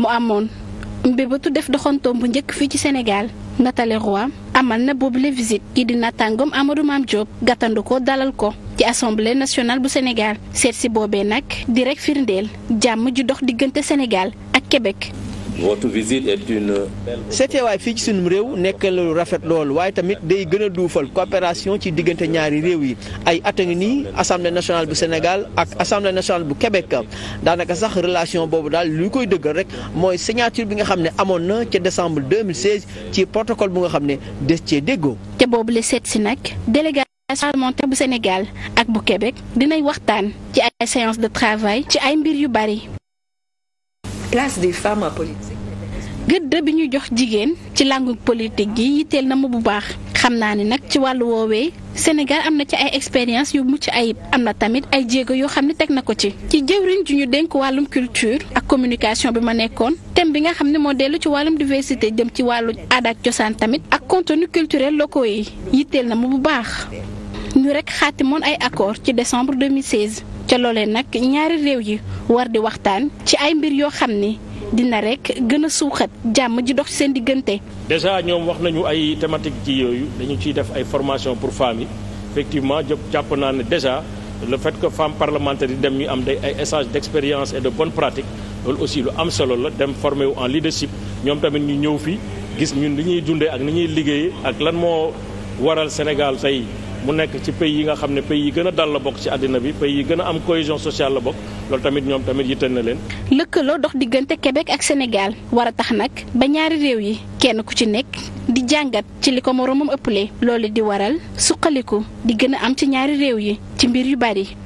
mu amoon mbébétu def doxantoom bu njëkk fii ci Sénégal Nathalie Roy amal na boobule visite kii di nattàngoom Amadou Mame Diop gàttandu ko dalal ko ci assemblée nationale bu Sénégal seet si nag di rek firndeel jàmm ju dox diggante Sénégal ak Québec. votre visite est fii ci sunum réew nekk na rafet loolu waaye tamit day gën a duufal coopération ci diggante ñaari réew yi ay at a ngi nii assemblée nationale bu Sénégal ak assemblée nationale bu Québec daanaka sax relation boobu daal lu koy dëggal rek mooy signature bi nga xam ne amoon na ca décembre 2016 ci protocole bu nga xam ne des cee déggoo. te boobu la seet si nag délégation parlementaire bu Sénégal ak bu Québec dinay waxtaan ci ay séance de travail ci ay yu bari. place des femmes gëdd bi ñu jox jigéen ci làngu politique gi yitteel na ma bu baax xam naa ni nag ci wàllu woowee Sénégal am na ci ay expérience yu mucc ayib am na tamit ay jéego yoo xam ne teg na ko ci. ci jëwriñ ju ñu dénk wàllum culture ak communication bi ma nekkoon thème bi nga xam ne moo dellu ci wàllum diversité jëm ci wàllu aada cosaan tamit ak contenu culturel locaux yi yitteel na ma bu baax. ñu rekk xaatimoon ay accord ci décembre 2016. ca loole nag ñaari réew yi war di waxtaan ci ay mbir yoo xam ni dina rek gën a suuxat jàmm ji dox ci seen diggante. déjà ñoom wax nañu ay thématique ci yooyu dañu ciy def ay formation pour femmes yi effectivement jàpp naa ne déjà le fait que femmes parlementaires yi dem ñu am day ay échange d'expérience et de bonnes pratiques loolu aussi lu am solo la dem former wu en leadership ñoom tamit ñu ñëw fi gis ñun li ñuy dundee ak ni ñuy liggéey ak lan moo waral Sénégal tey. mu nekk ci pay yi nga xam ne pay yi gën a dal la bokk ci àddina bi pays yi gën a am cohésion sociale la bokk loolu tamit ñoom tamit yitteel na leen. lëkkaloo dox diggante Québec ak Sénégal war a tax nag ba ñaari réew yi kenn ku ci nekk di jàngat ci li ko moroomam ëppalee loolu di waral suqaliku di gën a am ci ñaari réew yi ci mbir yu bari.